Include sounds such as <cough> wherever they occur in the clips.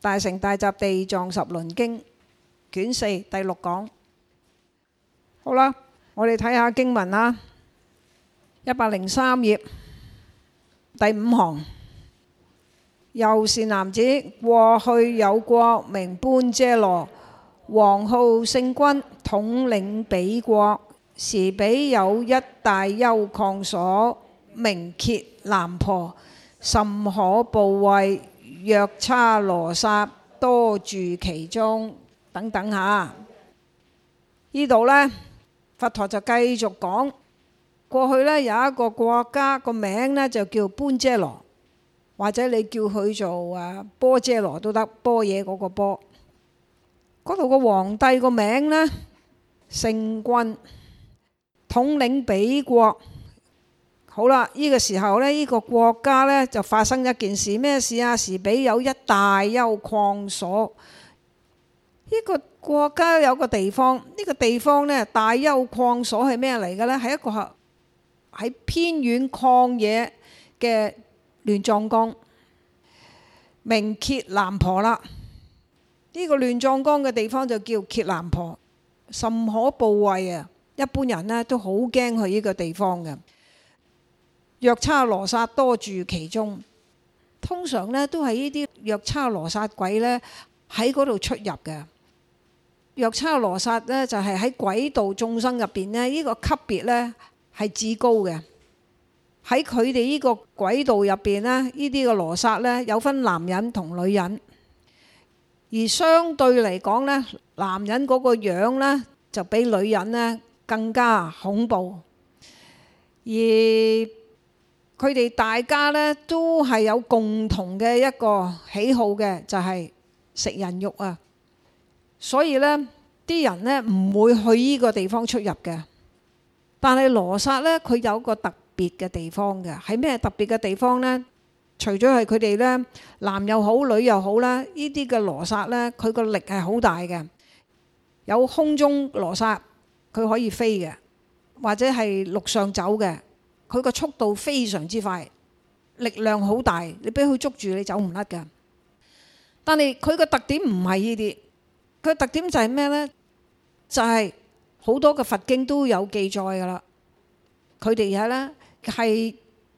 大乘大集地藏十輪經卷四第六講，好啦，我哋睇下經文啦，一百零三頁第五行，又善男子過去有國名般遮羅王號勝軍，統領彼國時，彼有一大丘壙所名朅藍婆，甚可怖畏。」若叉羅剎多住其中，等等下呢度呢，佛陀就繼續講。過去呢有一個國家，個名呢，就叫般遮羅，或者你叫佢做誒波遮羅都得，波嘢嗰個波。嗰度個皇帝個名呢，勝軍統領彼國。好啦，呢、這個時候呢，呢、這個國家呢，就發生一件事，咩事啊？時彼有一大丘壙所，呢、這個國家有個地方，呢、這個地方呢，大丘壙所係咩嚟嘅呢？係一個喺偏遠曠野嘅亂葬崗，名朅藍婆啦。呢、這個亂葬崗嘅地方就叫朅藍婆，甚可怖畏啊！一般人呢都好驚去呢個地方嘅。藥叉羅刹多住其中，通常咧都係呢啲藥叉羅刹鬼咧喺嗰度出入嘅。藥叉羅刹咧就係喺鬼道眾生入邊咧，呢個級別咧係至高嘅。喺佢哋呢個鬼道入邊咧，呢啲嘅羅刹咧有分男人同女人，而相對嚟講咧，男人嗰個樣咧就比女人咧更加恐怖，而佢哋大家咧都係有共同嘅一個喜好嘅，就係食人肉啊！所以呢啲人呢唔會去依個地方出入嘅。但係羅剎呢，佢有個特別嘅地方嘅，喺咩特別嘅地方呢？除咗係佢哋呢男又好，女又好啦，呢啲嘅羅剎呢，佢個力係好大嘅，有空中羅剎，佢可以飛嘅，或者係陸上走嘅。佢個速度非常之快，力量好大，你俾佢捉住，你走唔甩噶。但係佢個特點唔係呢啲，佢特點就係咩呢？就係、是、好多嘅佛經都有記載噶啦，佢哋而家咧係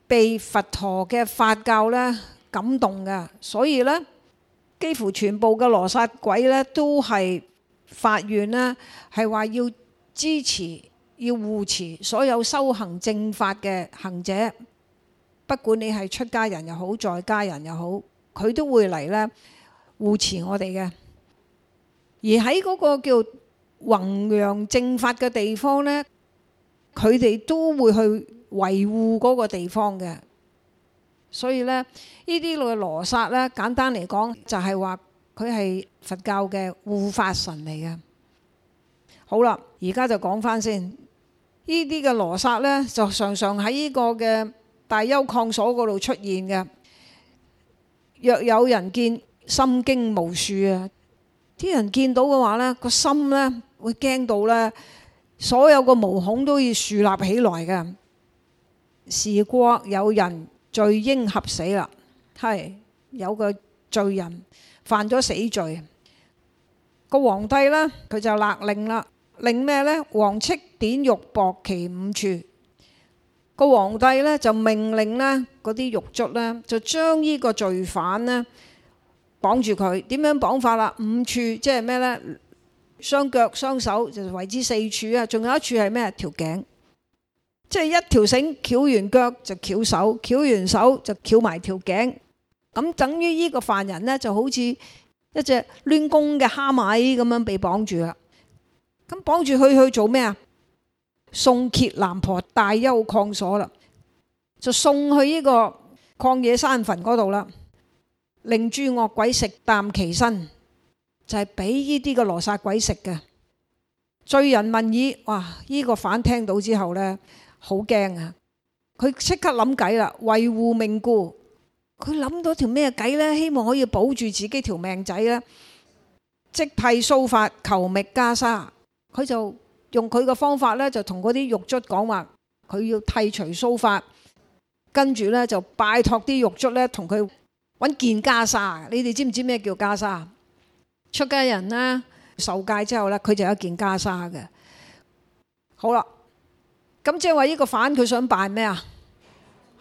被佛陀嘅法教呢感動噶，所以呢，幾乎全部嘅羅刹鬼呢都係發願呢係話要支持。要護持所有修行正法嘅行者，不管你係出家人又好，在家人又好，佢都會嚟呢護持我哋嘅。而喺嗰個叫弘揚正法嘅地方呢，佢哋都會去維護嗰個地方嘅。所以呢，呢啲嘅羅剎呢，簡單嚟講就係話佢係佛教嘅護法神嚟嘅。好啦，而家就講翻先。呢啲嘅羅剎呢，就常常喺呢個嘅大幽礦所嗰度出現嘅。若有人見，心驚毛豎啊！啲人見到嘅話呢，個心呢會驚到呢，所有個毛孔都要豎立起來嘅。時國有人罪應合死啦，係有個罪人犯咗死罪，個皇帝呢，佢就勒令啦。令咩呢？王勅典獄縛其五處，個皇帝呢，就命令呢嗰啲獄卒呢，就將呢個罪犯呢綁住佢。點樣綁法啦？五處即係咩呢？雙腳雙手就為之四處啊！仲有一處係咩？條頸，即係一條繩綁完腳就綁手，綁完手就綁埋條頸。咁等於呢個犯人呢，就好似一隻攣弓嘅蝦米咁樣被綁住啦。咁綁住佢去做咩啊？送朅藍婆大丘壙所啦，就送去呢個曠野山墳嗰度啦，令諸惡鬼食啖其身，就係俾呢啲個羅剎鬼食嘅。罪人聞已，哇！呢、這個犯聽到之後呢？好驚啊！佢即刻諗計啦，為護命故，佢諗到條咩計呢？希望可以保住自己條命仔呢？即剃鬚髮求覓袈裟。佢就用佢嘅方法呢，就同嗰啲獄卒講話，佢要剃除鬚髮，跟住呢，就拜託啲獄卒呢，同佢揾件袈裟。你哋知唔知咩叫袈裟？出家人呢，受戒之後呢，佢就有一件袈裟嘅。好啦，咁即係話呢個犯佢想扮咩啊？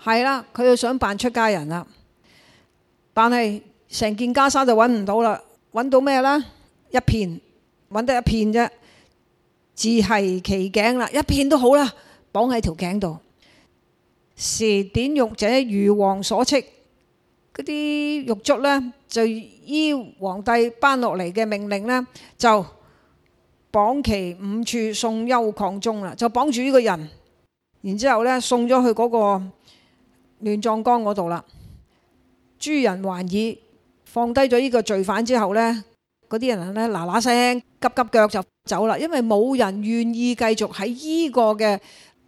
係啦，佢就想扮出家人啦。但係成件袈裟就揾唔到啦，揾到咩呢？一片，揾得一片啫。自繫其頸啦，一片都好啦，綁喺條頸度。時典獄者如王所勅，嗰啲獄卒呢，就依皇帝頒落嚟嘅命令呢，就綁其五處送丘壙中啦，就綁住呢個人，然之後咧送咗去嗰個亂葬崗嗰度啦。諸人還已，放低咗呢個罪犯之後呢。嗰啲人咧嗱嗱聲，急急腳就走啦，因為冇人願意繼續喺依個嘅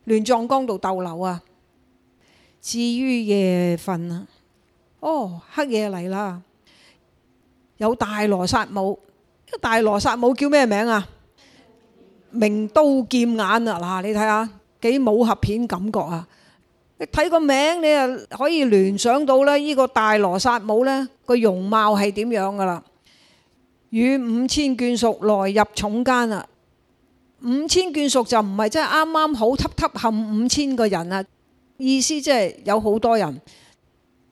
亂葬崗度逗留啊。至於夜分啊，哦，黑夜嚟啦，有大羅剎母。呢個大羅剎母叫咩名啊？名刀劍眼啊！嗱，你睇下幾武俠片感覺啊！你睇個名，你啊可以聯想到咧，依個大羅剎母咧，個容貌係點樣噶啦？與五千眷屬來入塚間啦，五千眷屬就唔係即係啱啱好，吸吸冚五千個人啦，意思即係有好多人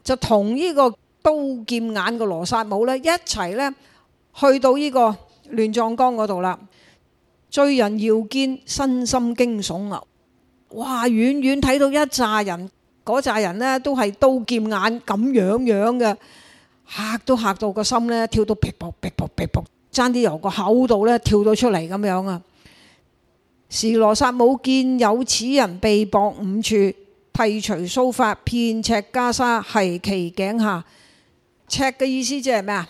就同呢個刀劍眼嘅羅剎母呢一齊呢去到呢個亂葬崗嗰度啦。罪人遙見，身心驚悚啊！哇，遠遠睇到一扎人，嗰扎人呢都係刀劍眼咁樣樣嘅。嚇都嚇到個心呢，跳到劈搏劈搏劈搏，爭啲由個口度呢跳到出嚟咁樣啊！時羅剎母見有此人被縛五處，剃除鬚髮，片赤袈裟繫其頸下。赤嘅意思即係咩啊？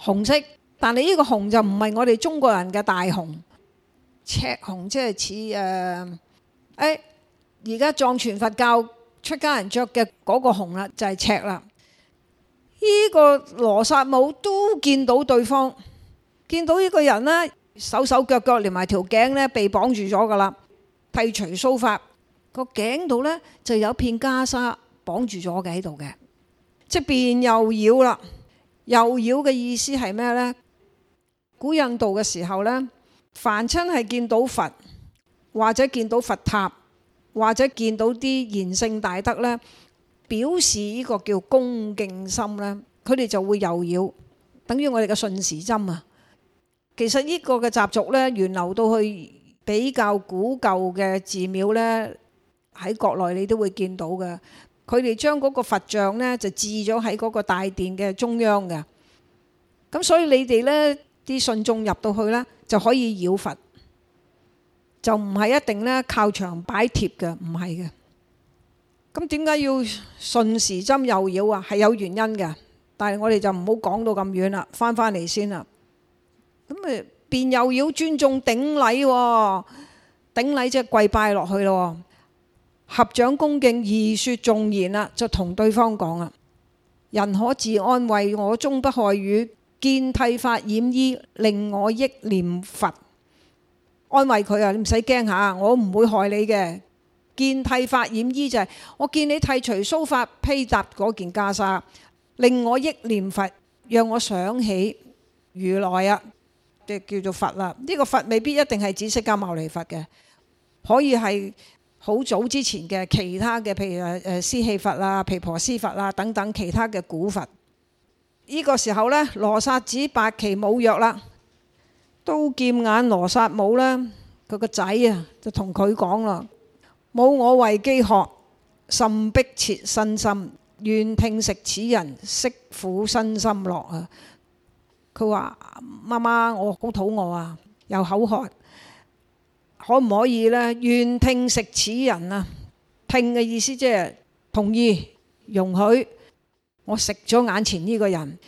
紅色，但係呢個紅就唔係我哋中國人嘅大紅，赤紅即係似誒，呃、欸、而家藏傳佛教出家人着嘅嗰個紅啦，就係赤啦。呢個羅剎母都見到對方，見到呢個人呢，手手腳腳連埋條頸呢被綁住咗噶啦，剃除鬚髮，個頸度呢就有片袈裟綁住咗嘅喺度嘅，即便右遶啦，右遶嘅意思係咩呢？古印度嘅時候呢，凡親係見到佛，或者見到佛塔，或者見到啲賢聖大德呢。表示依個叫恭敬心咧，佢哋就會右繞，等於我哋嘅順時針啊。其實依個嘅習俗咧，源流到去比較古舊嘅寺廟咧，喺國內你都會見到嘅。佢哋將嗰個佛像咧，就置咗喺嗰個大殿嘅中央嘅。咁所以你哋咧啲信眾入到去咧，就可以繞佛，就唔係一定咧靠牆擺貼嘅，唔係嘅。咁點解要順時針右遶啊？係有原因嘅，但係我哋就唔好講到咁遠啦，翻返嚟先啦。咁誒，便右遶，尊重頂禮喎、哦，頂禮即係跪拜落去咯。合掌恭敬，而説頌言啦，就同對方講啊。人可自安慰，我終不害汝。見剃髮染衣，令我憶念佛。安慰佢啊，你唔使驚嚇，我唔會害你嘅。見剃髮染衣，就係我見你剃除鬚髮披搭嗰件袈裟，令我憶念佛，讓我想起如來啊，即叫做佛啦。呢個佛未必一定係指釋迦牟尼佛嘅，可以係好早之前嘅其他嘅，譬如誒誒尸棄佛啊、毗婆尸佛啊等等其他嘅古佛。呢、這個時候呢，羅剎子白其母曰啦，刀劍眼羅剎母咧，佢個仔啊就同佢講咯。母我為飢渴，甚逼切身心，願聽食此人，息苦身心樂啊！佢話：媽媽，我好肚餓啊，又口渴，可唔可以咧？願聽食此人啊！聽嘅意思即係同意容許我食咗眼前呢個人，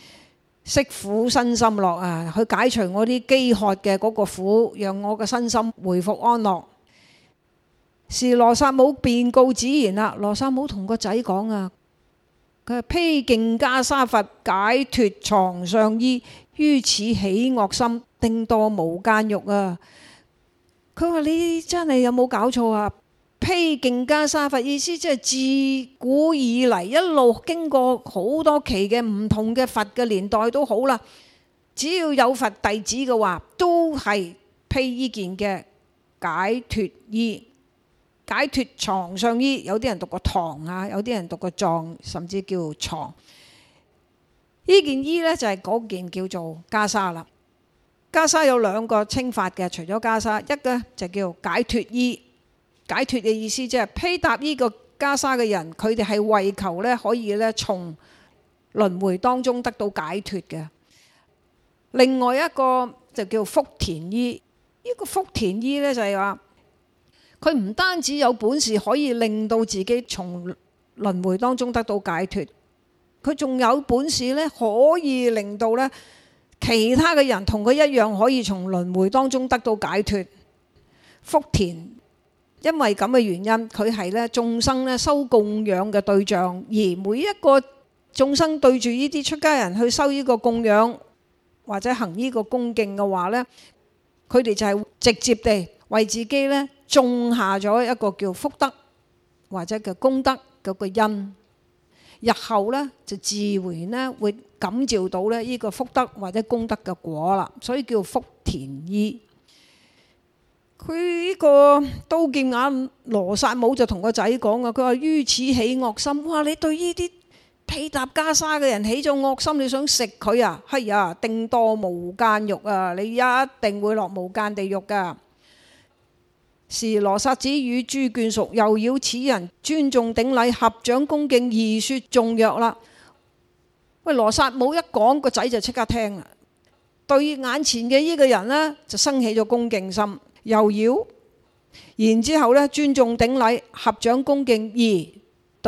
息苦身心樂啊！去解除我啲飢渴嘅嗰個苦，讓我嘅身心回復安樂。時羅剎母便告子言啦，羅剎母同個仔講啊，佢係被殑伽沙佛解脫幢相衣，於此起惡心定墮無間獄啊！佢話你真係有冇搞錯啊？被殑伽沙佛意思即係自古以嚟一路經過好多期嘅唔同嘅佛嘅年代都好啦，只要有佛弟子嘅話，都係披呢件嘅解脫衣。解脫幢相衣，有啲人讀個堂啊，有啲人讀個藏，甚至叫床。呢件衣呢，就係嗰件叫做袈裟啦。袈裟有兩個稱法嘅，除咗袈裟，一個就叫解脫衣。解脫嘅意思即係披搭呢個袈裟嘅人，佢哋係為求呢可以呢從輪迴當中得到解脫嘅。另外一個就叫福田衣。呢個福田衣呢，就係話。佢唔單止有本事可以令到自己從輪迴當中得到解脫，佢仲有本事咧可以令到咧其他嘅人同佢一樣可以從輪迴當中得到解脫。福田，因為咁嘅原因，佢係咧眾生咧收供養嘅對象，而每一個眾生對住呢啲出家人去收呢個供養或者行呢個恭敬嘅話咧，佢哋就係直接地為自己咧。種下咗一個叫福德或者叫功德嗰個因，日後呢就自然呢會感召到呢呢個福德或者功德嘅果啦，所以叫福田衣。佢呢個刀劍眼羅剎母就同個仔講啊，佢話於此起惡心，哇！你對呢啲披搭袈裟嘅人起咗惡心，你想食佢啊？係啊，定墮無間獄啊！你一定會落無間地獄噶時羅剎子與諸眷屬，右遶此人，尊重頂禮、合掌恭敬，而說頌曰啦。喂，羅剎母一講個仔就即刻聽啦，對眼前嘅呢個人呢，就生起咗恭敬心，右遶？然之後呢，尊重頂禮、合掌恭敬而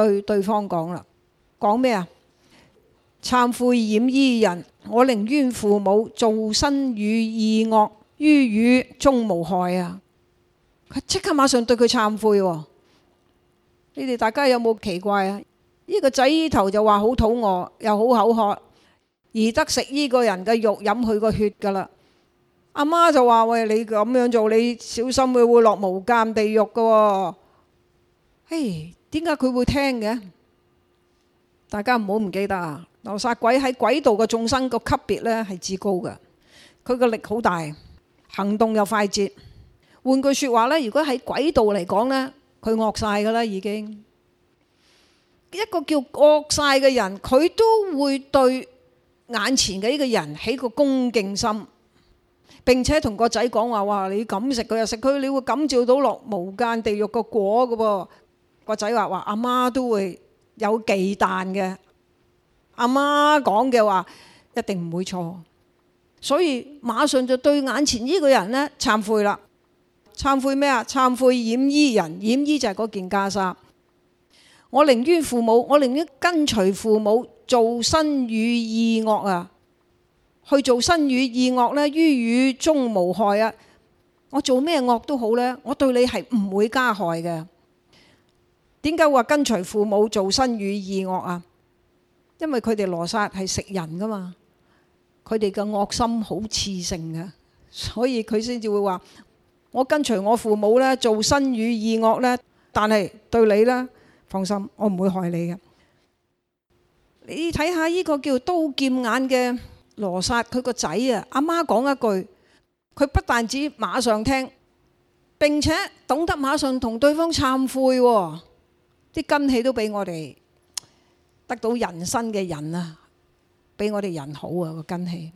對對方講啦，講咩啊？懺悔染衣人，我寧於父母造身語意惡，於汝終無害啊！佢即刻馬上對佢懺悔喎，你哋大家有冇奇怪啊？呢個仔頭就話好肚餓，又好口渴，而得食呢個人嘅肉，飲佢個血噶啦。阿媽就話：喂，你咁樣做，你小心佢會落無間地獄噶。嘿，點解佢會聽嘅？大家唔好唔記得啊！羅剎鬼喺鬼道嘅眾生個級別呢係至高嘅，佢個力好大，行動又快捷。換句説話咧，如果喺鬼道嚟講呢，佢惡晒㗎喇已經。一個叫惡晒嘅人，佢都會對眼前嘅呢個人起個恭敬心，並且同個仔講話：，話你咁食，佢又食佢，你會感召到落無間地獄嘅果嘅噃。個仔話：話阿媽都會有忌憚嘅。阿媽講嘅話一定唔會錯，所以馬上就對眼前呢個人呢懺悔啦。懺悔咩啊？懺悔染衣人，染衣就係嗰件袈裟。我寧願父母，我寧願跟隨父母做身語意惡啊，去做身語意惡咧，於汝終無害啊。我做咩惡都好咧，我對你係唔會加害嘅。點解話跟隨父母做身語意惡啊？因為佢哋羅剎係食人噶嘛，佢哋嘅惡心好熾盛嘅，所以佢先至會話。我跟隨我父母咧做身語意惡咧，但係對你咧放心，我唔會害你嘅。你睇下呢個叫刀劍眼嘅羅剎，佢個仔啊，阿媽講一句，佢不但止馬上聽，並且懂得馬上同對方懺悔。啲根氣都比我哋得到人身嘅人啊，比我哋人好啊個根氣。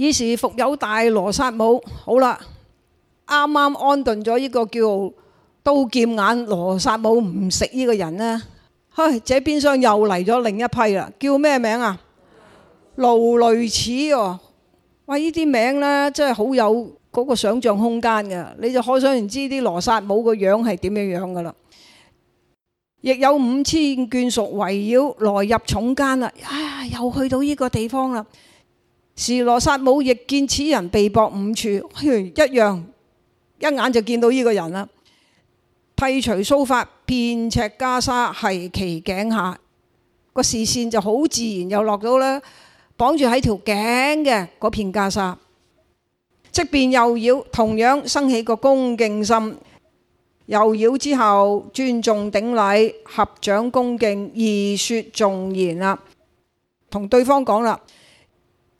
於是復有大羅刹母，好啦，啱啱安頓咗呢個叫刀劍眼羅刹母唔食呢個人呢？唉，這邊廂又嚟咗另一批啦，叫咩名啊？驢騾齒哦，哇！呢啲名呢，真係好有嗰個想像空間嘅，你就可想而知啲羅刹母個樣係點樣樣㗎啦。亦有五千眷屬圍繞，來入塚間啦，唉、哎，又去到呢個地方啦。時羅剎母亦見此人被綁五處，一樣一眼就見到呢個人啦。剃除須發，片赤袈裟係其頸下個視線就好自然又落到咧綁住喺條頸嘅嗰片袈裟。即便右遶同樣生起個恭敬心，右遶之後尊重頂禮合掌恭敬，而說頌言啦，同對方講啦。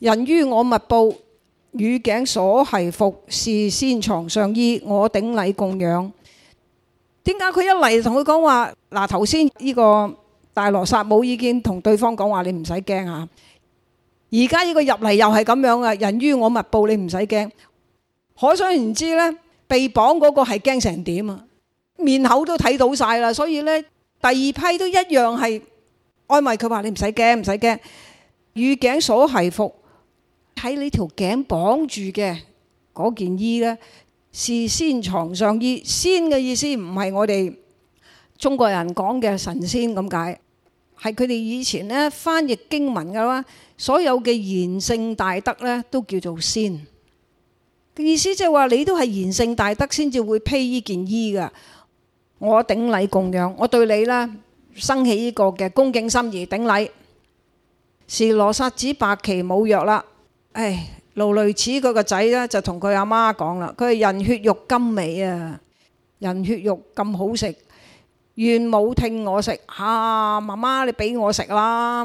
人於我勿怖，汝頸所繫服，是仙幢相衣，我頂禮供養。點解佢一嚟同佢講話？嗱，頭先呢個大羅剎母已經，同對方講話，你唔使驚啊。而家呢個入嚟又係咁樣啊！人於我勿怖，你唔使驚。可想而知呢，被綁嗰個係驚成點啊？面口都睇到晒啦，所以呢，第二批都一樣係安慰佢話：你唔使驚，唔使驚。汝頸所繫服。睇你條頸綁住嘅嗰件衣咧，是仙幢相衣，仙嘅意思唔係我哋中國人講嘅神仙咁解，係佢哋以前咧翻譯經文嘅啦。所有嘅賢聖大德咧都叫做仙嘅意思，即係話你都係賢聖大德先至會披依件衣噶。我頂禮供養，我對你咧生起依個嘅恭敬心而頂禮。時羅剎子白其母曰啦。唉，羅剎子佢個仔啦，就同佢阿媽講啦。佢係人血肉甘美啊，人血肉咁好食，願母聽我食吓，媽媽你俾我食啦，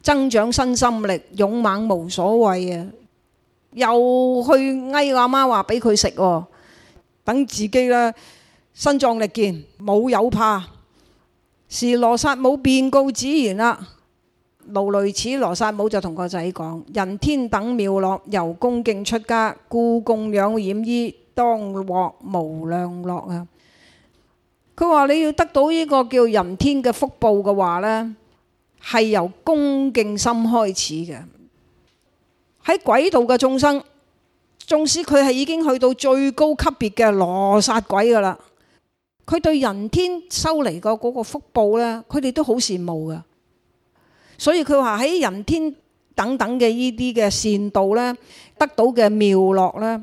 增長身心力，勇猛無所畏啊。又去嗌阿媽話俾佢食，等自己啦，身壯力健，冇有怕。時羅剎母便告子言啦。勞累此羅剎母就同個仔講：人天等妙樂，由恭敬出家，故供養染衣，當獲無量樂啊！佢話你要得到呢個叫人天嘅福報嘅話咧，係由恭敬心開始嘅。喺鬼道嘅眾生，縱使佢係已經去到最高級別嘅羅剎鬼噶啦，佢對人天收嚟嘅嗰個福報咧，佢哋都好羨慕噶。所以佢話喺人天等等嘅依啲嘅善道咧，得到嘅妙樂咧，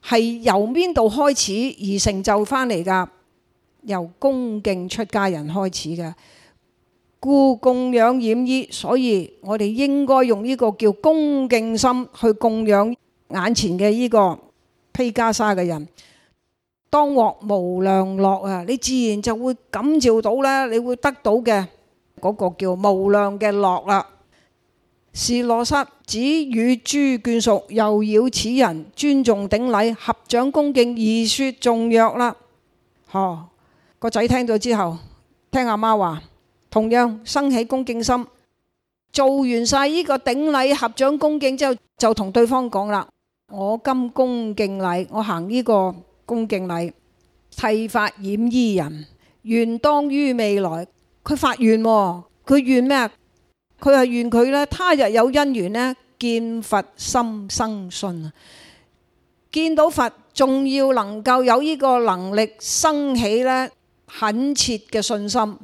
係由邊度開始而成就翻嚟㗎？由恭敬出家人開始嘅，故供養染衣。所以我哋應該用依個叫恭敬心去供養眼前嘅依個披袈裟嘅人，當獲無量樂啊！你自然就會感召到啦，你會得到嘅。嗰個叫無量嘅樂啦，是羅剎子與諸眷屬右遶此人，尊重頂禮，合掌恭敬，而說頌曰啦。嗬，個仔聽到之後，聽阿媽話，同樣生起恭敬心，做完晒呢個頂禮合掌恭敬之後，就同對方講啦：我今恭敬禮，我行呢個恭敬禮，剃髮染衣人，願當於未來。佢發願，佢願咩啊？佢係願佢呢，他日有因緣呢見佛心生信。見到佛，仲要能夠有呢個能力生起呢懇切嘅信心。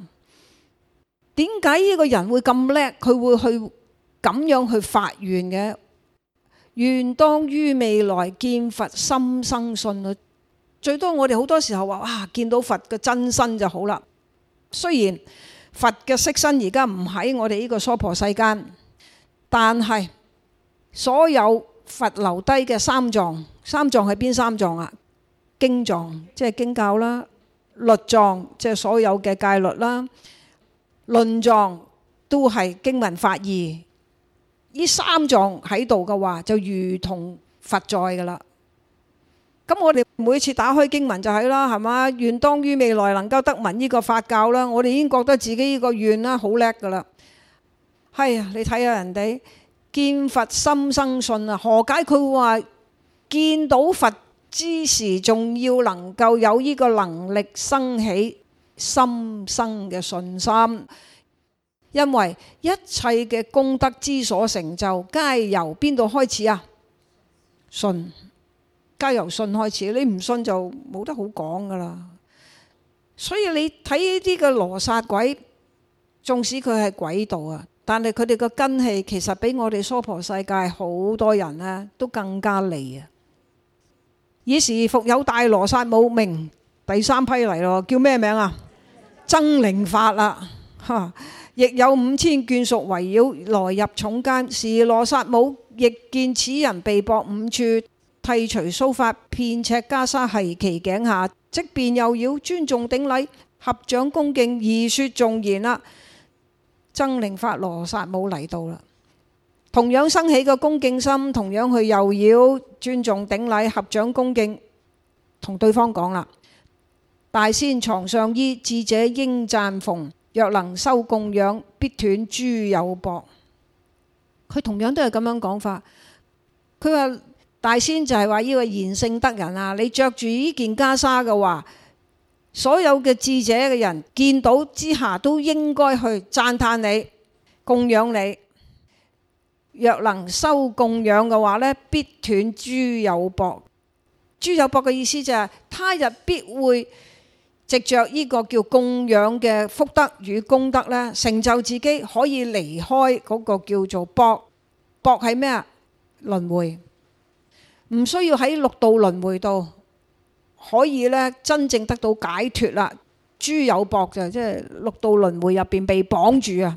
點解呢個人會咁叻？佢會去咁樣去發願嘅？願當於未來見佛心生信啊！最多我哋好多時候話哇，見到佛嘅真身就好啦。雖然。佛嘅色身而家唔喺我哋呢個娑婆世間，但係所有佛留低嘅三藏，三藏係邊三藏啊？經藏即係經教啦，律藏即係所有嘅戒律啦，論藏都係經文法義。呢三藏喺度嘅話，就如同佛在噶啦。咁我哋每次打開經文就係啦，係嘛，願當於未來能夠得聞呢個法教啦，我哋已經覺得自己呢個願啦好叻噶啦。係、哎、啊，你睇下人哋見佛深生信啊，何解佢話見到佛之時，仲要能夠有呢個能力生起深生嘅信心？因為一切嘅功德之所成就，皆由邊度開始啊？信。皆由信開始，你唔信就冇得好講噶啦。所以你睇呢啲嘅羅刹鬼，縱使佢係鬼道啊，但係佢哋嘅根氣其實比我哋娑婆世界好多人呢都更加利啊！爾時復有大羅刹母名第三批嚟咯，叫咩名啊？鬇鬡髮啦，哈！亦有五千眷屬圍繞，繞來入塚間，時羅刹母亦見此人被縛五處。剃除鬚髮片赤袈裟繫其頸下，即便右遶尊重頂禮合掌恭敬，而說頌言啦，鬇鬡髮羅剎冇嚟到啦。同樣生起個恭敬心，同樣去右遶尊重頂禮合掌恭敬，同對方講啦。大仙幢相衣，智者應讚奉，若能修供養，必斷諸有縛。佢同樣都係咁樣講法，佢話。大仙就係話要賢聖得人啊！你着住呢件袈裟嘅話，所有嘅智者嘅人見到之下都應該去讚歎你、供養你。若能修供養嘅話呢，必斷諸有縛。諸有縛嘅意思就係、是、他日必會藉着呢個叫供養嘅福德與功德呢，成就自己可以離開嗰個叫做縛。縛係咩啊？輪迴。唔需要喺六道輪迴度可以呢，真正得到解脫啦。諸有縛就即、是、係六道輪迴入邊被綁住啊，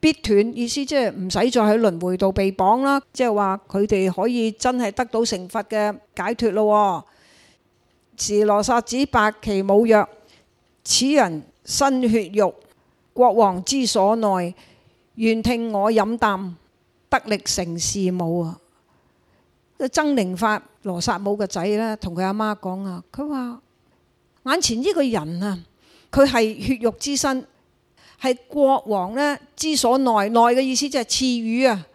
必斷意思即係唔使再喺輪迴度被綁啦。即係話佢哋可以真係得到成佛嘅解脫咯。時羅剎子白其母曰：此人身血肉國王之所賚，願聽我飲噉，得力承事母啊！鬇鬡髮羅剎母嘅仔咧，同佢阿媽講啊，佢話眼前呢個人啊，佢係血肉之身，係國王呢，之所賚，賚嘅意思就係賜予，即係賜予啊，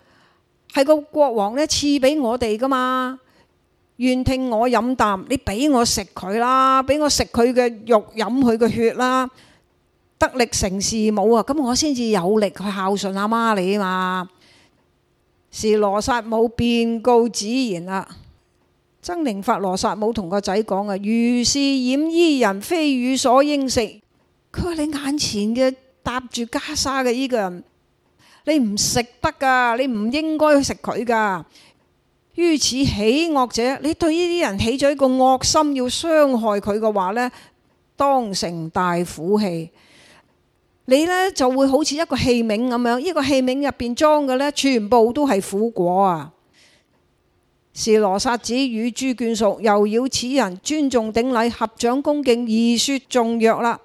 係個國王呢賜俾我哋噶嘛，願聽我飲啖，你俾我食佢啦，俾我食佢嘅肉，飲佢嘅血啦，得力承事母啊，咁我先至有力去孝順阿媽你啊嘛。是羅剎母便告子言啦，鬇鬡髮羅剎母同個仔講啊，如是染衣人，非汝所應食。佢話你眼前嘅搭住袈裟嘅呢個人，你唔食得噶，你唔應該去食佢噶。於此起惡者，你對呢啲人起咗一個惡心，要傷害佢嘅話呢，當成大苦器。你呢就會好似一個器皿咁樣，一個器皿入邊裝嘅呢，全部都係苦果啊！時羅剎子與諸眷屬，右遶此人尊重頂禮、合掌恭敬、而説頌曰啦。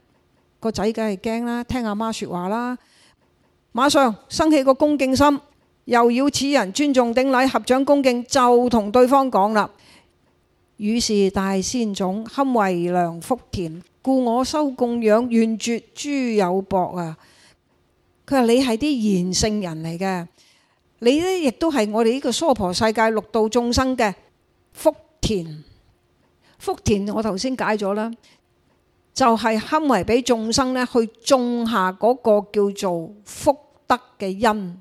個仔梗係驚啦，聽阿媽説話啦，馬上生起個恭敬心，右遶此人尊重頂禮、合掌恭敬，就同對方講啦。汝是大仙種，堪為良福田，故我修供養，願絕諸有縛啊！佢話你係啲賢聖人嚟嘅，你呢亦都係我哋呢個娑婆世界六道眾生嘅福田。福田我頭先解咗啦，就係、是、堪為俾眾生呢去種下嗰個叫做福德嘅因。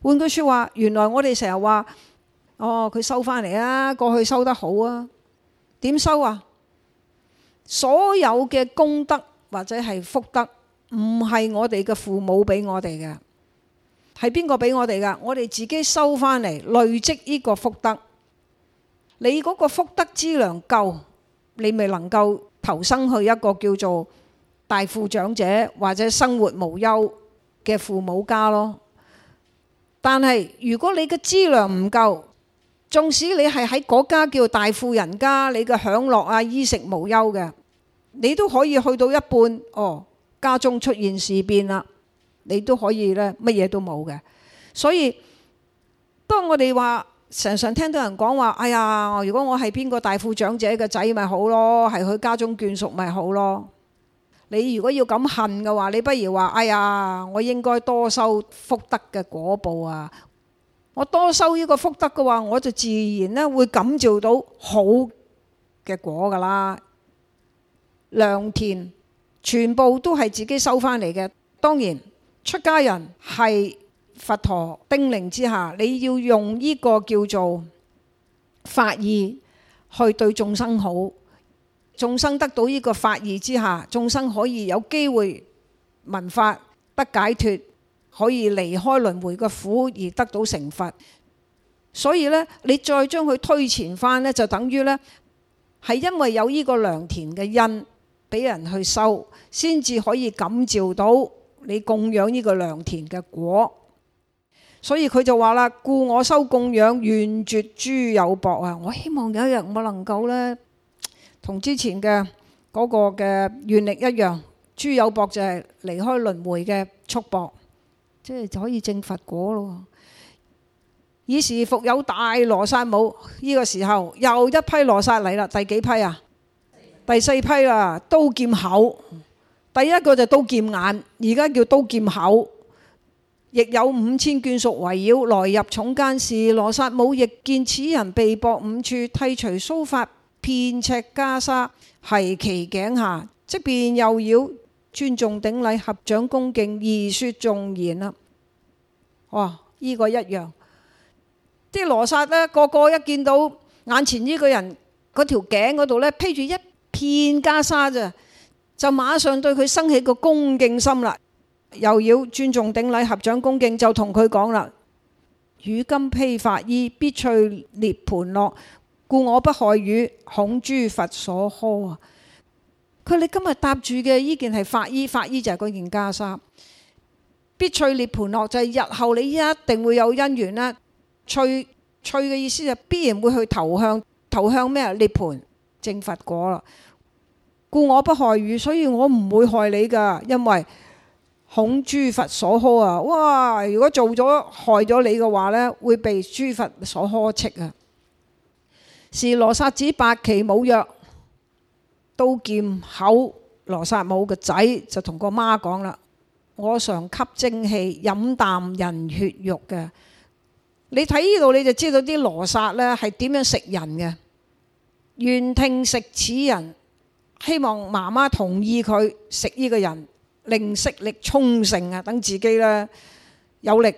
換句説話，原來我哋成日話。哦，佢收翻嚟啦。過去收得好啊，點收啊？所有嘅功德或者係福德，唔係我哋嘅父母俾我哋嘅，係邊個俾我哋噶？我哋自己收翻嚟，累積呢個福德。你嗰個福德資糧夠，你咪能夠投生去一個叫做大富長者或者生活無憂嘅父母家咯。但係如果你嘅資糧唔夠，縱使你係喺嗰家叫大富人家，你嘅享樂啊、衣食無憂嘅，你都可以去到一半，哦，家中出現事變啦，你都可以咧，乜嘢都冇嘅。所以當我哋話常常聽到人講話，哎呀，如果我係邊個大富長者嘅仔，咪好咯，係佢家中眷屬咪好咯。你如果要咁恨嘅話，你不如話，哎呀，我應該多收福德嘅果報啊！我多收呢個福德嘅話，我就自然咧會感召到好嘅果噶啦。良田全部都係自己收翻嚟嘅。當然出家人係佛陀叮嚀之下，你要用呢個叫做法義去對眾生好，眾生得到呢個法義之下，眾生可以有機會聞法得解脫。可以離開輪迴嘅苦而得到成佛，所以呢，你再將佢推前翻呢，就等於呢，係因為有呢個良田嘅因俾人去收，先至可以感召到你供養呢個良田嘅果。所以佢就話啦，故我修供養，願絕諸有縛啊！我希望有一日我能夠呢，同之前嘅嗰個嘅願力一樣，諸有縛就係離開輪迴嘅束縛。即係就可以證佛果咯。爾時復有大羅剎母，呢、這個時候又一批羅剎嚟啦，第幾批啊？第四批啦，刀劍口。第一個就刀劍眼，而家叫刀劍口。亦有五千眷屬圍繞，來入塚間。時羅剎母亦見此人被縛五處，剃除鬚髮，片赤袈裟繫其頸下，即便右繞。尊重頂禮，合掌恭敬，而説頌言啦！哇，依、這個一樣，啲係羅剎咧，個個一見到眼前呢個人嗰條頸嗰度呢，披住一片袈裟咋，就馬上對佢生起個恭敬心啦。又要尊重頂禮，合掌恭敬，就同佢講啦：「汝今被法衣，必趣涅槃樂，故我不害汝，恐諸佛所呵啊！」佢你今日搭住嘅呢件係法衣，法衣就係嗰件袈裟。必趣涅槃樂就係、是、日後你一定會有因緣啦。趣趣嘅意思就必然會去投向投向咩啊？涅槃正佛果啦。故我不害汝，所以我唔會害你噶，因為恐諸佛所呵啊！哇，如果做咗害咗你嘅話呢，會被諸佛所呵斥啊！時羅剎子白其母曰。刀劍口，羅剎母個仔就同個媽講啦： <music> 我常吸精氣，飲啖人血肉嘅。你睇呢度你就知道啲羅剎呢係點樣食人嘅。願聽食此人，希望媽媽同意佢食呢個人，令色力充盛啊，等自己咧有力。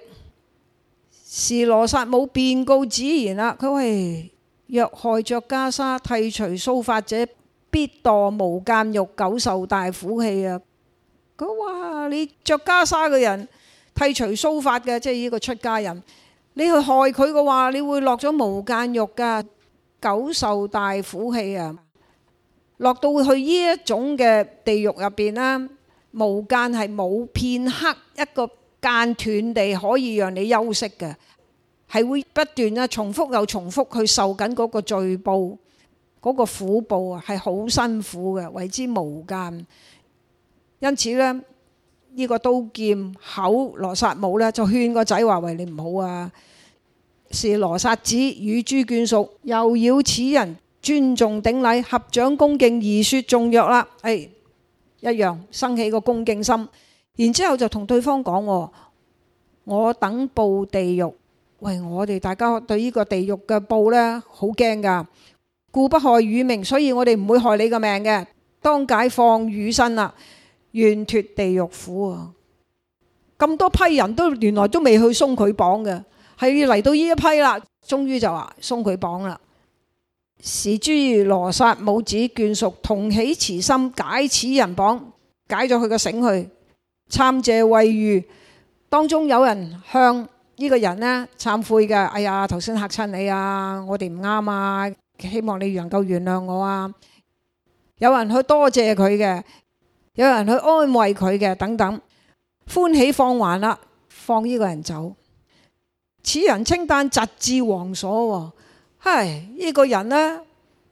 是羅刹母便告子言啦：佢話若害着袈裟，剃除鬚髮者。必墮無間獄，久受大苦器啊！佢話你着袈裟嘅人剃除鬚髮嘅，即係呢個出家人，你去害佢嘅話，你會落咗無間獄噶，久受大苦器啊！落到去呢一種嘅地獄入邊啦，無間係冇片刻一個間斷地可以讓你休息嘅，係會不斷啦，重複又重複去受緊嗰個罪報。嗰個苦報啊，係好辛苦嘅，為之無間。因此呢，呢、這個刀劍口羅剎母呢，就勸個仔話：為你唔好啊，時羅剎子與諸眷屬，右遶此人，尊重頂禮，合掌恭敬，而說頌曰啦。誒、哎、一樣生起個恭敬心，然之後就同對方講：我等怖地獄。喂，我哋大家對呢個地獄嘅報呢，好驚㗎。故不害汝命，所以我哋唔會害你個命嘅。當解放汝身啦，願脫地獄苦。啊。咁多批人都原來都未去鬆佢綁嘅，係嚟到呢一批啦，終於就話鬆佢綁啦。時諸羅刹母子眷屬，同起慈心，解此人綁，解咗佢個繩去，懺謝慰喻，當中有人向呢個人呢懺悔嘅，哎呀，頭先嚇親你啊，我哋唔啱啊，希望你能夠原諒我啊！有人去多謝佢嘅，有人去安慰佢嘅，等等，歡喜放還啦，放呢個人走。此人清旦，疾至王所，唉，呢、這個人呢？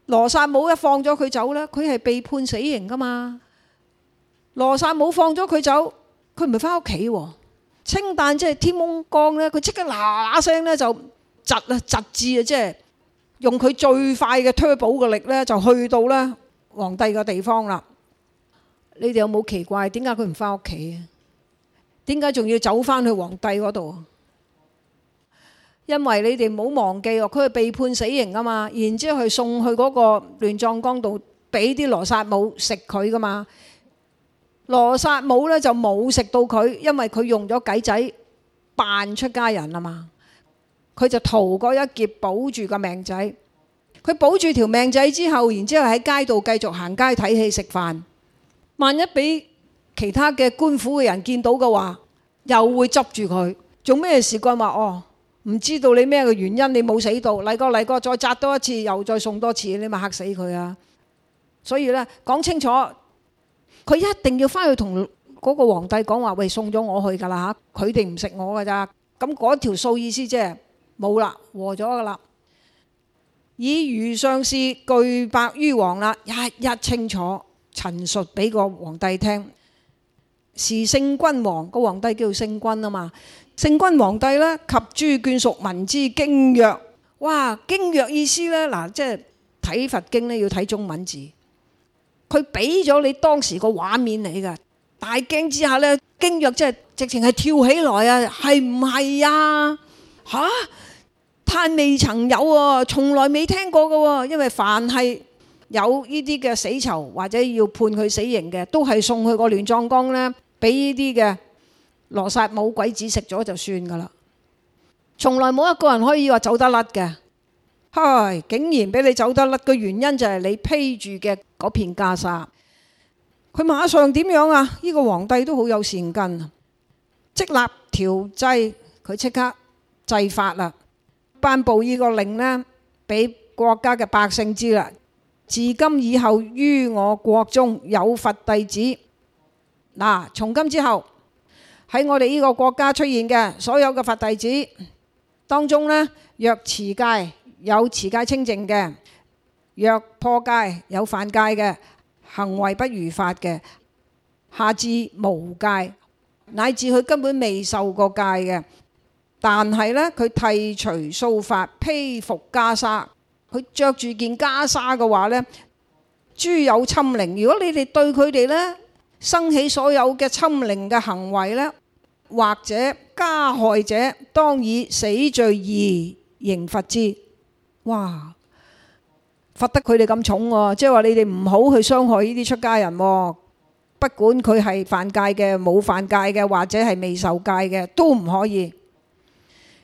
羅刹母一放咗佢走咧，佢係被判死刑噶嘛。羅刹母放咗佢走，佢唔係返屋企，清旦即係天矇光呢，佢即刻嗱嗱聲呢，就疾啊，疾至啊，即係。用佢最快嘅推保嘅力呢，就去到呢皇帝嘅地方啦。你哋有冇奇怪？點解佢唔返屋企啊？點解仲要走返去皇帝嗰度？因為你哋冇忘記喎，佢係被判死刑啊嘛。然之後佢送去嗰個亂葬崗度，俾啲羅剎母食佢噶嘛。羅剎母呢就冇食到佢，因為佢用咗計仔扮出家人啊嘛。佢就逃過一劫，保住個命仔。佢保住條命仔之後，然之後喺街度繼續行街睇戲食飯。萬一俾其他嘅官府嘅人見到嘅話，又會執住佢做咩事？佢話哦，唔知道你咩嘅原因，你冇死到嚟個嚟個，再扎多一次，又再送多次，你咪嚇死佢啊！所以呢，講清楚，佢一定要翻去同嗰個皇帝講話，喂，送咗我去㗎啦嚇，佢哋唔食我㗎咋？咁嗰條數意思即係。冇啦，和咗噶啦。以如上事具白於王啦，一一清楚，陳述俾個皇帝聽。是勝軍王，個皇帝叫勝軍啊嘛。勝軍皇帝呢，及諸眷屬聞之驚躍：哇！驚躍意思呢？嗱，即係睇佛經呢，要睇中文字。佢俾咗你當時個畫面嚟噶。大驚之下呢，驚躍即係直情係跳起來是是啊，係唔係呀？吓！歎未曾有喎，從來未聽過嘅喎，因為凡係有呢啲嘅死囚或者要判佢死刑嘅，都係送去個亂葬崗呢，俾呢啲嘅羅剎母鬼子食咗就算噶啦。從來冇一個人可以話走得甩嘅，嗨、哎，竟然俾你走得甩嘅原因就係你披住嘅嗰片袈裟。佢馬上點樣啊？呢、這個皇帝都好有善根，即立條制，佢即刻制法啦。頒布呢個令呢，俾國家嘅百姓知啦。自今以後，於我國中有佛弟子，嗱、啊，從今之後喺我哋呢個國家出現嘅所有嘅佛弟子當中呢，若持戒，有持戒清淨嘅，若破戒，有犯戒嘅，行為不如法嘅，下至無戒，乃至佢根本未受過戒嘅。但係呢，佢剃除鬚髮，披服袈裟。佢着住件袈裟嘅話呢，諸有侵陵，如果你哋對佢哋呢，生起所有嘅侵凌嘅行為呢，或者加害者，當以死罪而刑罰之。哇！罰得佢哋咁重喎、啊，即係話你哋唔好去傷害呢啲出家人喎、啊。不管佢係犯戒嘅、冇犯戒嘅，或者係未受戒嘅，都唔可以。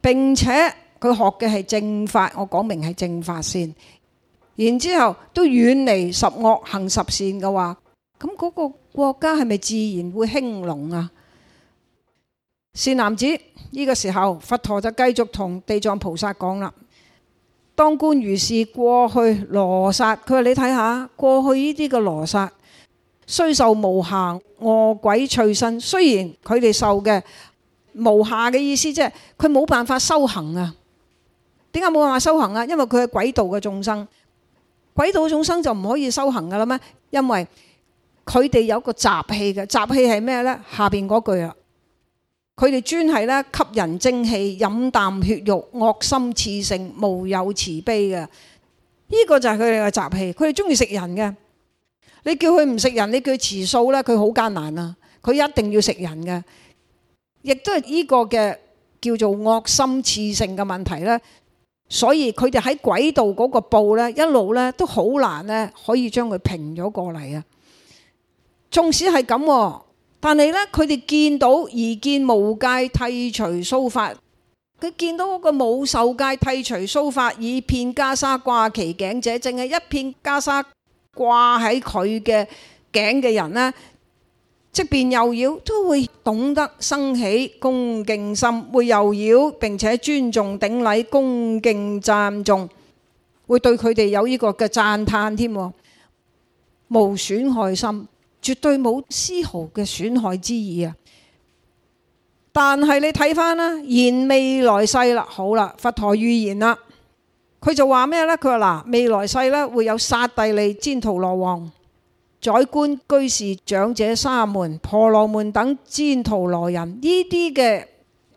並且佢學嘅係正法，我講明係正法先。然之後都遠離十惡行十善嘅話，咁嗰個國家係咪自然會興隆啊？善男子，呢、這個時候佛陀就繼續同地藏菩薩講啦。當觀如是過去羅剎，佢話你睇下過去呢啲嘅羅剎，雖受無限，餓鬼隨身。雖然佢哋受嘅無暇嘅意思，即係佢冇辦法修行啊？點解冇辦法修行啊？因為佢係鬼道嘅眾生，鬼道眾生就唔可以修行噶啦咩？因為佢哋有個習氣嘅，習氣係咩咧？下邊嗰句啊，佢哋專係咧吸人精氣，飲噉血肉，惡心熾盛，無有慈悲嘅。呢、這個就係佢哋嘅習氣，佢哋中意食人嘅。你叫佢唔食人，你叫佢持素咧，佢好艱難啊！佢一定要食人嘅。亦都係呢個嘅叫做惡心熾盛嘅問題咧，所以佢哋喺鬼道嗰個步咧，一路呢都好難呢可以將佢平咗過嚟啊！縱使係咁，但係呢，佢哋見到而見無戒，剃除鬚髮，佢見到嗰個無受戒剃除鬚髮以片袈裟掛其頸者，淨係一片袈裟掛喺佢嘅頸嘅人呢。即便右遶，都會懂得生起恭敬心，會右遶，並且尊重頂禮恭敬讚頌，會對佢哋有呢個嘅讚歎添，無損害心，絕對冇絲毫嘅損害之意啊！但係你睇翻啦，然未來世啦，好啦，佛陀預言啦，佢就話咩呢？佢話嗱，未來世咧會有剎帝利、旃荼羅王。宰官居士長者沙門婆羅門等旃荼羅人，呢啲嘅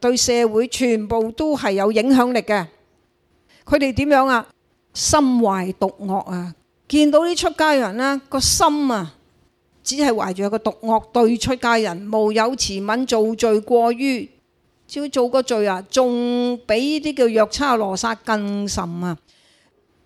對社會全部都係有影響力嘅，佢哋點樣啊？心懷毒惡啊！見到啲出家人呢，個心啊，只係懷住一個毒惡，對出家人無有慈憫，造罪過於，只要造個罪啊，仲比啲叫藥叉羅剎更甚啊！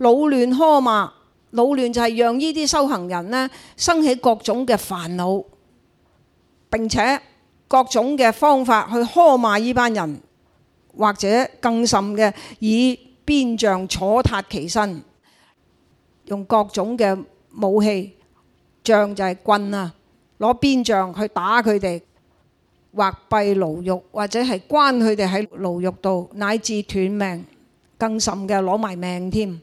惱亂呵罵，惱亂就係讓呢啲修行人呢生起各種嘅煩惱，並且各種嘅方法去呵罵呢班人，或者更甚嘅以鞭杖楚撻其身，用各種嘅武器杖就係棍啊，攞鞭杖去打佢哋，或閉牢獄，或者係關佢哋喺牢獄度，乃至斷命，更甚嘅攞埋命添。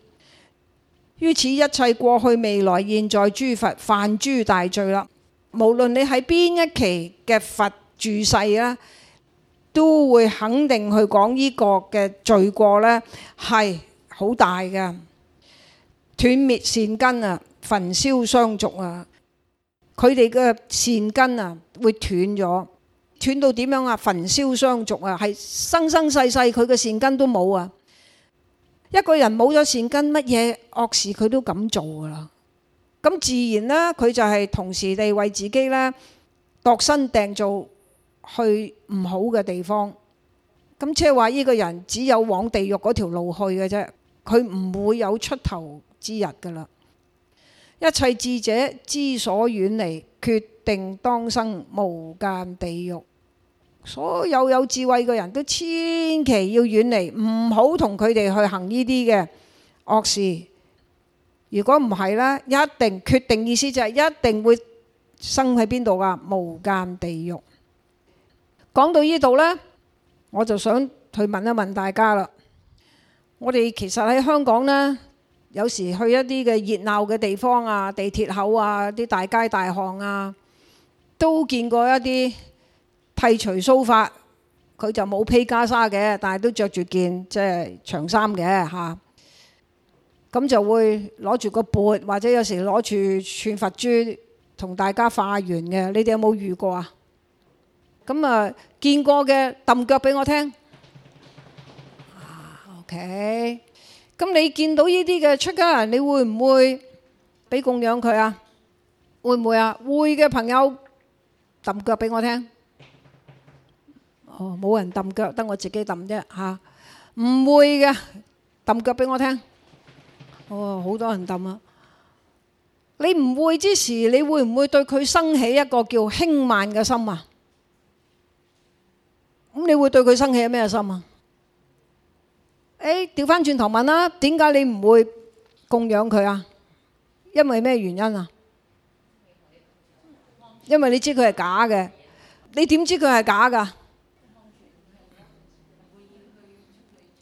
於此一切過去未來現在，諸佛犯諸大罪啦！無論你喺邊一期嘅佛住世啊，都會肯定去講呢個嘅罪過呢係好大嘅，斷滅善根啊，焚燒相續啊，佢哋嘅善根啊會斷咗，斷到點樣啊？焚燒相續啊，係生生世世佢嘅善根都冇啊！一個人冇咗善根，乜嘢惡事佢都噉做噶啦。咁自然啦，佢就係同時地為自己呢度身訂造去唔好嘅地方。咁即係話呢個人只有往地獄嗰條路去嘅啫，佢唔會有出頭之日噶啦。一切智者之所遠離，決定當生無間地獄。所有有智慧嘅人都千祈要遠離，唔好同佢哋去行呢啲嘅惡事。如果唔係啦，一定決定意思就係一定會生喺邊度㗎，無間地獄。講到呢度呢，我就想去問一問大家啦。我哋其實喺香港呢，有時去一啲嘅熱鬧嘅地方啊、地鐵口啊、啲大街大巷啊，都見過一啲，剃除鬚髮，佢就冇披袈裟嘅，但係都着住件即係長衫嘅吓，咁就會攞住個缽或者有時攞住串佛珠同大家化緣嘅。你哋有冇遇過啊？咁啊，見過嘅，揼腳俾我聽。啊，OK。咁你見到呢啲嘅出家人，你會唔會俾供養佢啊？會唔會啊？會嘅朋友，揼腳俾我聽。哦，冇人揼腳，得我自己揼啫嚇，唔、啊、會嘅，揼腳俾我聽。哦，好多人揼啊！你唔會之時，你會唔會對佢生起一個叫輕慢嘅心啊？咁你會對佢生起咩心啊？誒、欸，調翻轉頭問啦，點解你唔會供養佢啊？因為咩原因啊？因為你知佢係假嘅，你點知佢係假㗎？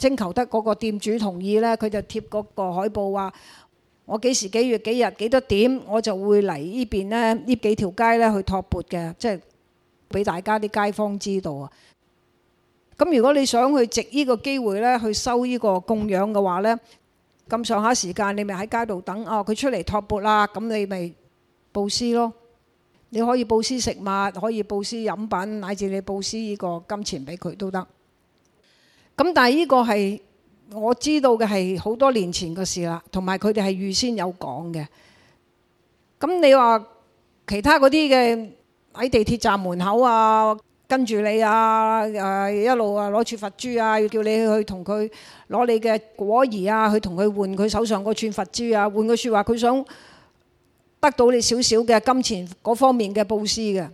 徵求得嗰個店主同意呢，佢就貼嗰個海報話：我幾時幾月幾日幾多點，我就會嚟呢邊呢呢幾條街呢去托缽嘅，即係俾大家啲街坊知道啊。咁如果你想去藉呢個機會呢去收呢個供養嘅話呢，咁上下時間你咪喺街度等啊，佢出嚟托缽啦，咁你咪佈施咯。你可以佈施食物，可以佈施飲品，乃至你佈施呢個金錢俾佢都得。咁但係呢個係我知道嘅係好多年前嘅事啦，同埋佢哋係預先有講嘅。咁你話其他嗰啲嘅喺地鐵站門口啊，跟住你啊，誒一路啊攞串佛珠啊，要叫你去同佢攞你嘅果兒啊，去同佢換佢手上嗰串佛珠啊，換句說話，佢想得到你少少嘅金錢嗰方面嘅佈施嘅。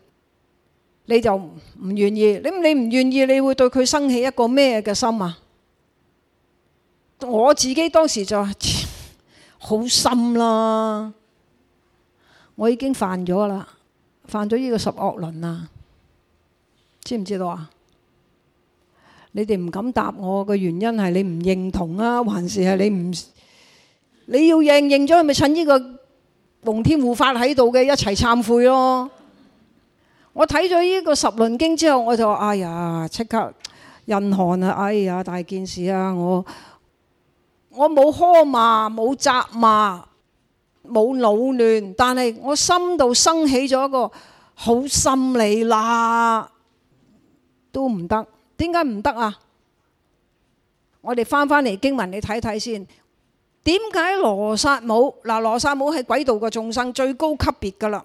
你就唔願意，你你唔願意，你會對佢生起一個咩嘅心啊？我自己當時就好心啦，我已經犯咗啦，犯咗呢個十惡輪啊，知唔知道啊？你哋唔敢答我嘅原因係你唔認同啊？還是係你唔你要認認咗，咪趁呢個龍天護法喺度嘅一齊懺悔咯。我睇咗呢個十輪經之後，我就話：哎呀，即刻印撼啊！哎呀，大件事啊！我我冇呵罵，冇責罵，冇惱亂，但係我心度生起咗一個好心理啦，都唔得。點解唔得啊？我哋翻返嚟經文，你睇睇先。點解羅刹母嗱？羅刹母係鬼道個眾生最高級別噶啦。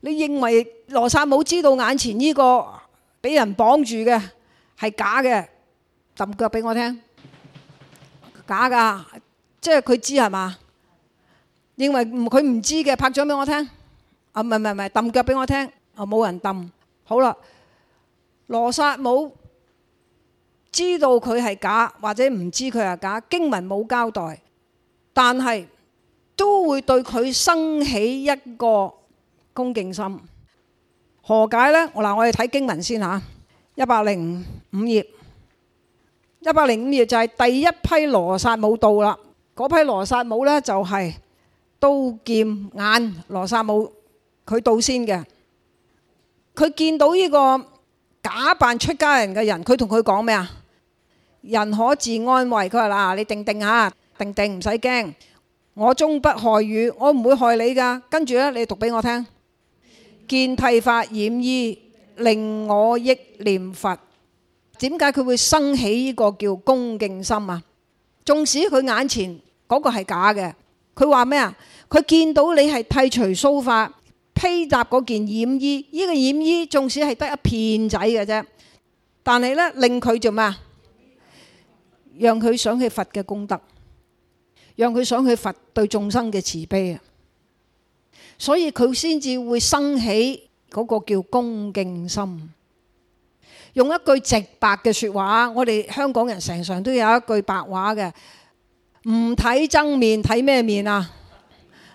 你認為羅剎母知道眼前呢個俾人綁住嘅係假嘅？揼腳俾我聽，假㗎，即係佢知係嘛？認為佢唔知嘅拍掌俾我聽，啊，唔係唔係唔係，揼腳俾我聽，啊，冇人揼。好啦，羅剎母知道佢係假，或者唔知佢係假，經文冇交代，但係都會對佢生起一個恭敬心，何解呢？我嗱，我哋睇經文先吓，一百零五頁，一百零五頁就係第一批羅刹母到啦。嗰批羅刹母呢，就係刀劍眼羅刹母，佢到先嘅。佢見到呢個假扮出家人嘅人，佢同佢講咩啊？人可自安慰，佢話嗱，你定定吓、啊，定定唔使驚，我終不害汝，我唔會害你噶。跟住呢，你讀俾我聽。見剃髮染衣，令我憶念佛。點解佢會生起呢個叫恭敬心啊？縱使佢眼前嗰個係假嘅，佢話咩啊？佢見到你係剃除鬚髮，披搭嗰件染衣，呢個染衣縱使係得一片仔嘅啫，但係呢，令佢做咩啊？讓佢想起佛嘅功德，讓佢想起佛對眾生嘅慈悲啊！所以佢先至會生起嗰個叫恭敬心。用一句直白嘅說話，我哋香港人成常都有一句白話嘅，唔睇僧面睇咩面啊？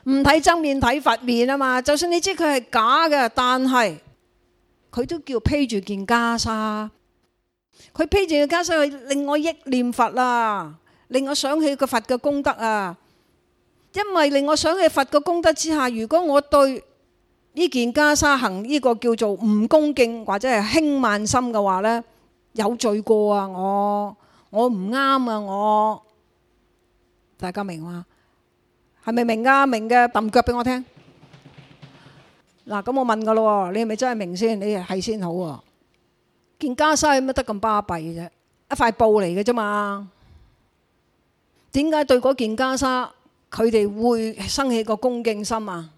唔睇僧面睇佛面啊嘛！就算你知佢係假嘅，但係佢都叫披住件袈裟，佢披住件袈裟令、啊，令我憶念佛啦，令我想起個佛嘅功德啊。因為令我想起佛嘅功德之下，如果我對呢件袈裟行呢個叫做唔恭敬或者係輕慢心嘅話咧，有罪過啊！我我唔啱啊！我大家明嘛？係咪明㗎？明嘅揼腳俾我聽。嗱，咁我問個咯，你係咪真係明先？你係先好喎。件袈裟係乜得咁巴閉嘅啫？一塊布嚟嘅啫嘛。點解對嗰件袈裟？佢哋會生起個恭敬心啊，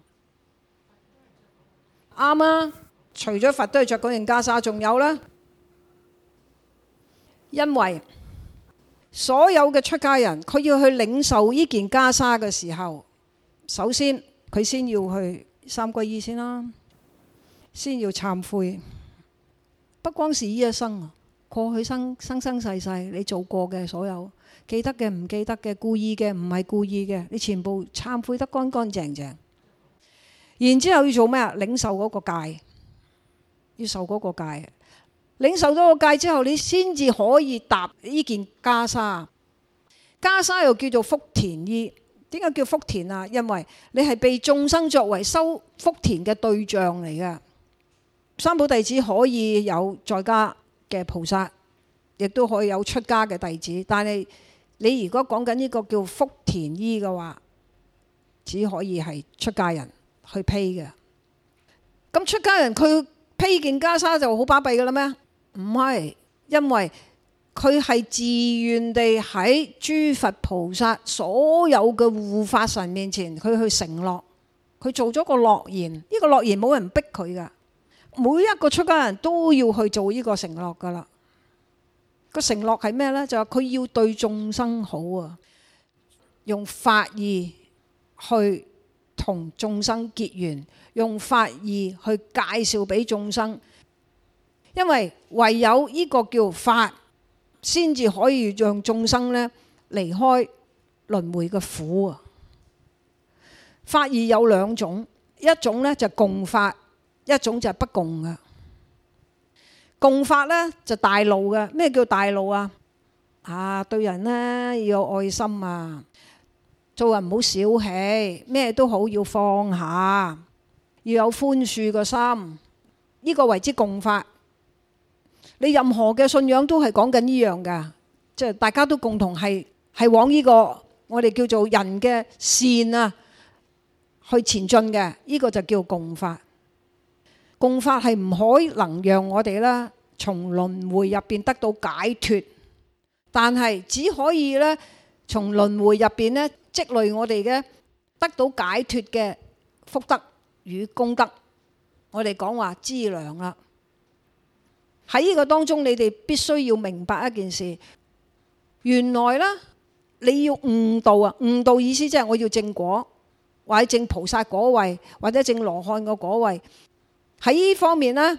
啱啊，除咗佛都係着嗰件袈裟，仲有啦，因為所有嘅出家人，佢要去領受呢件袈裟嘅時候，首先佢先要去三歸依先啦，啊，先要懺悔，不光是呢一生，啊，過去生生生世世你做過嘅所有。記得嘅唔記得嘅，故意嘅唔係故意嘅，你全部懺悔得乾乾淨淨，然之後要做咩啊？領受嗰個戒，要受嗰個戒，領受咗個戒之後，你先至可以搭呢件袈裟。袈裟又叫做福田衣，點解叫福田啊？因為你係被眾生作為收福田嘅對象嚟㗎。三寶弟子可以有在家嘅菩薩，亦都可以有出家嘅弟子，但係你。你如果講緊呢個叫福田衣嘅話，只可以係出家人去披嘅。咁出家人佢披件袈裟就好巴閉嘅啦咩？唔係，因為佢係自願地喺諸佛菩薩所有嘅護法神面前，佢去承諾，佢做咗個諾言。呢個諾言冇人逼佢噶，每一個出家人都要去做呢個承諾噶啦。個承諾係咩呢？就話、是、佢要對眾生好啊，用法義去同眾生結緣，用法義去介紹俾眾生。因為唯有呢個叫法，先至可以讓眾生呢離開輪迴嘅苦啊。法義有兩種，一種呢就共法，一種就係不共嘅。共法呢，就大路嘅，咩叫大路啊？啊，對人呢，要有愛心啊，做人唔好小氣，咩都好要放下，要有寬恕嘅心，呢、這個為之共法。你任何嘅信仰都係講緊呢樣噶，即、就、係、是、大家都共同係係往呢、這個我哋叫做人嘅善啊去前進嘅，呢、這個就叫共法。共法係唔可能讓我哋啦。從輪回入邊得到解脫，但係只可以呢。從輪回入邊呢，積累我哋嘅得到解脫嘅福德與功德。我哋講話資糧啦。喺呢個當中，你哋必須要明白一件事：原來咧你要悟道啊！悟道意思即係我要證果，或者證菩薩果位，或者證羅漢個果位。喺呢方面咧。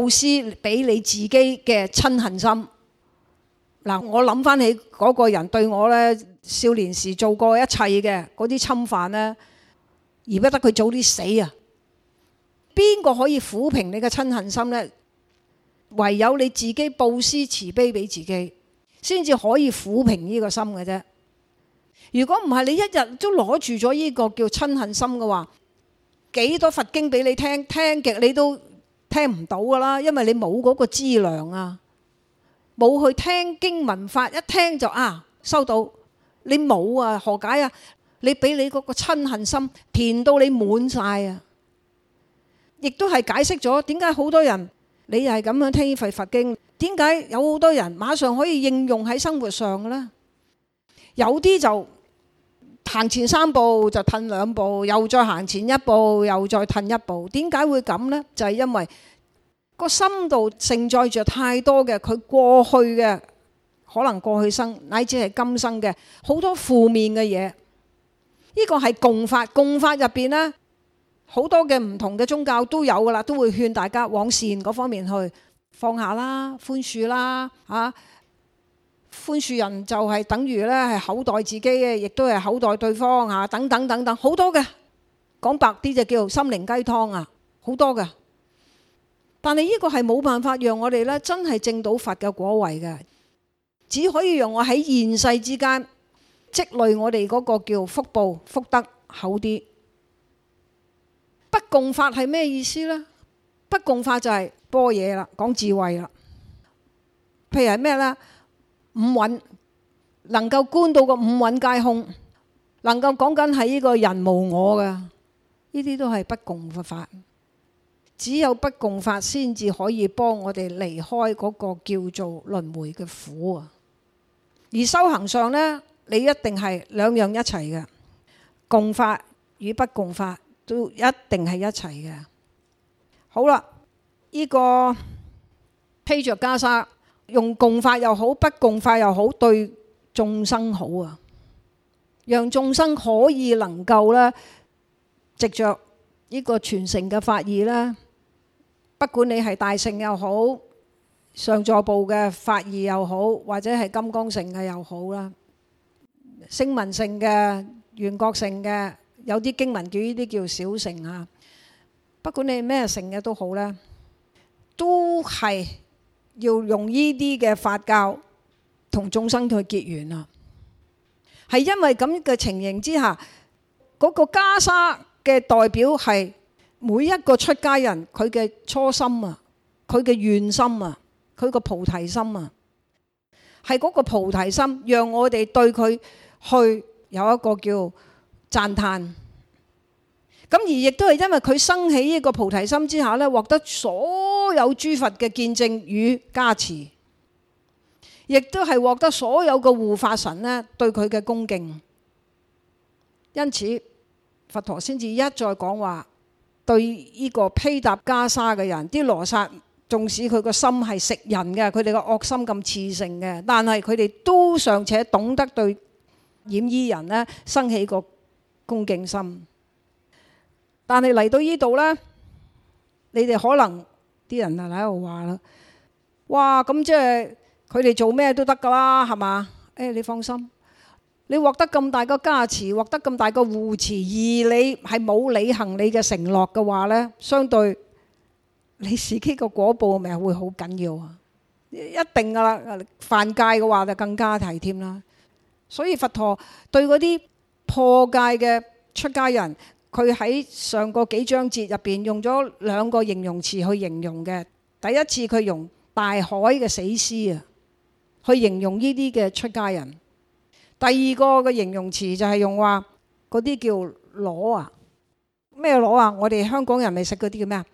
布施俾你自己嘅嗔恨心嗱，我諗翻起嗰個人對我咧少年時做過一切嘅嗰啲侵犯咧，而不得佢早啲死啊！邊個可以撫平你嘅嗔恨心咧？唯有你自己布施慈悲俾自己，先至可以撫平呢個心嘅啫。如果唔係，你一日都攞住咗呢個叫嗔恨心嘅話，幾多佛經俾你聽，聽極你都。聽唔到㗎啦，因為你冇嗰個資糧啊，冇去聽經聞法，一聽就啊收到，你冇啊何解啊？你俾你嗰個嗔恨心填到你滿晒啊！亦都係解釋咗點解好多人你係咁樣聽呢份佛經，點解有好多人馬上可以應用喺生活上嘅咧？有啲就。行前三步就褪兩步，又再行前一步，又再褪一步，點解會咁呢？就係因為個心度盛載着太多嘅佢過去嘅可能過去生乃至係今生嘅好多負面嘅嘢。呢個係共法，共法入邊呢，好多嘅唔同嘅宗教都有噶啦，都會勸大家往善嗰方面去放下啦、寬恕啦嚇。啊。寬恕人就係等於咧係厚待自己嘅，亦都係厚待對方啊！等等等等，好多嘅。講白啲就叫心靈雞湯啊，好多嘅。但係呢個係冇辦法讓我哋咧真係證到佛嘅果位嘅，只可以讓我喺現世之間積累我哋嗰個叫福報、福德厚啲。不共法係咩意思呢？不共法就係般若啦，講智慧啦。譬如係咩呢？五蘊，能夠觀到個五蘊皆空，能夠講緊係呢個人無我㗎，呢啲都係不共法。只有不共法先至可以幫我哋離開嗰個叫做輪回嘅苦啊！而修行上呢，你一定係兩樣一齊嘅，共法與不共法都一定係一齊嘅。好啦，呢個披着袈裟。用共法又好，不共法又好，對眾生好啊！讓眾生可以能夠咧，藉着呢個傳承嘅法義啦。不管你係大乘又好，上座部嘅法義又好，或者係金剛乘嘅又好啦，聲聞乘嘅、緣覺乘嘅，有啲經文叫呢啲叫小乘啊。不管你咩乘嘅都好啦，都係。要用呢啲嘅法教同眾生去結緣啊，係因為咁嘅情形之下，嗰個袈裟嘅代表係每一個出家人佢嘅初心啊，佢嘅願心啊，佢個菩提心啊，係嗰個菩提心，讓我哋對佢去有一個叫讚歎。咁而亦都係因為佢生起呢個菩提心之下咧，獲得所有諸佛嘅見證與加持，亦都係獲得所有嘅護法神咧對佢嘅恭敬。因此，佛陀先至一再講話，對呢個披搭袈裟嘅人，啲羅剎縱使佢個心係食人嘅，佢哋個惡心咁熾盛嘅，但係佢哋都尚且懂得對染衣人咧生起個恭敬心。但係嚟到呢度呢，你哋可能啲人啊喺度話啦，哇，咁即係佢哋做咩都得噶啦，係嘛？誒，你放心，你獲得咁大個加持，獲得咁大個護持，而你係冇履行你嘅承諾嘅話呢，相對你時機個果報咪會好緊要啊！一定噶啦，犯戒嘅話就更加提添啦。所以佛陀對嗰啲破戒嘅出家人，佢喺上個幾章節入邊用咗兩個形容詞去形容嘅。第一次佢用大海嘅死屍啊，去形容呢啲嘅出家人。第二個嘅形容詞就係用話嗰啲叫螺啊，咩螺啊？我哋香港人咪食嗰啲叫咩啊？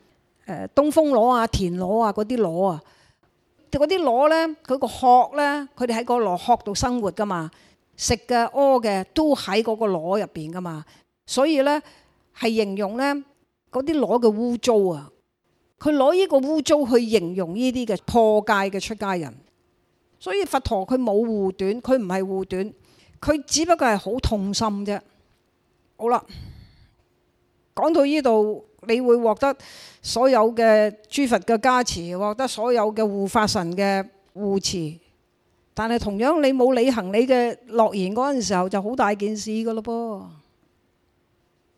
誒，東風螺啊、田螺啊嗰啲螺啊。嗰啲螺呢，佢個殼呢，佢哋喺個螺殼度生活噶嘛，食嘅屙嘅都喺嗰個螺入邊噶嘛，所以呢，係形容呢嗰啲攞嘅污糟啊！佢攞呢個污糟去形容呢啲嘅破戒嘅出家人，所以佛陀佢冇護短，佢唔係護短，佢只不過係好痛心啫。好啦，講到呢度，你會獲得所有嘅諸佛嘅加持，獲得所有嘅護法神嘅護持，但係同樣你冇履行你嘅諾言嗰陣時候，就好大件事噶咯噃。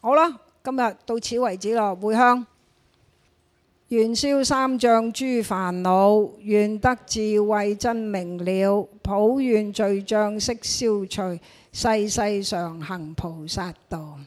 好啦，今日到此為止咯。回向，願消三障諸煩惱，願得智慧真明了，普願罪障悉消除，世世常行菩薩道。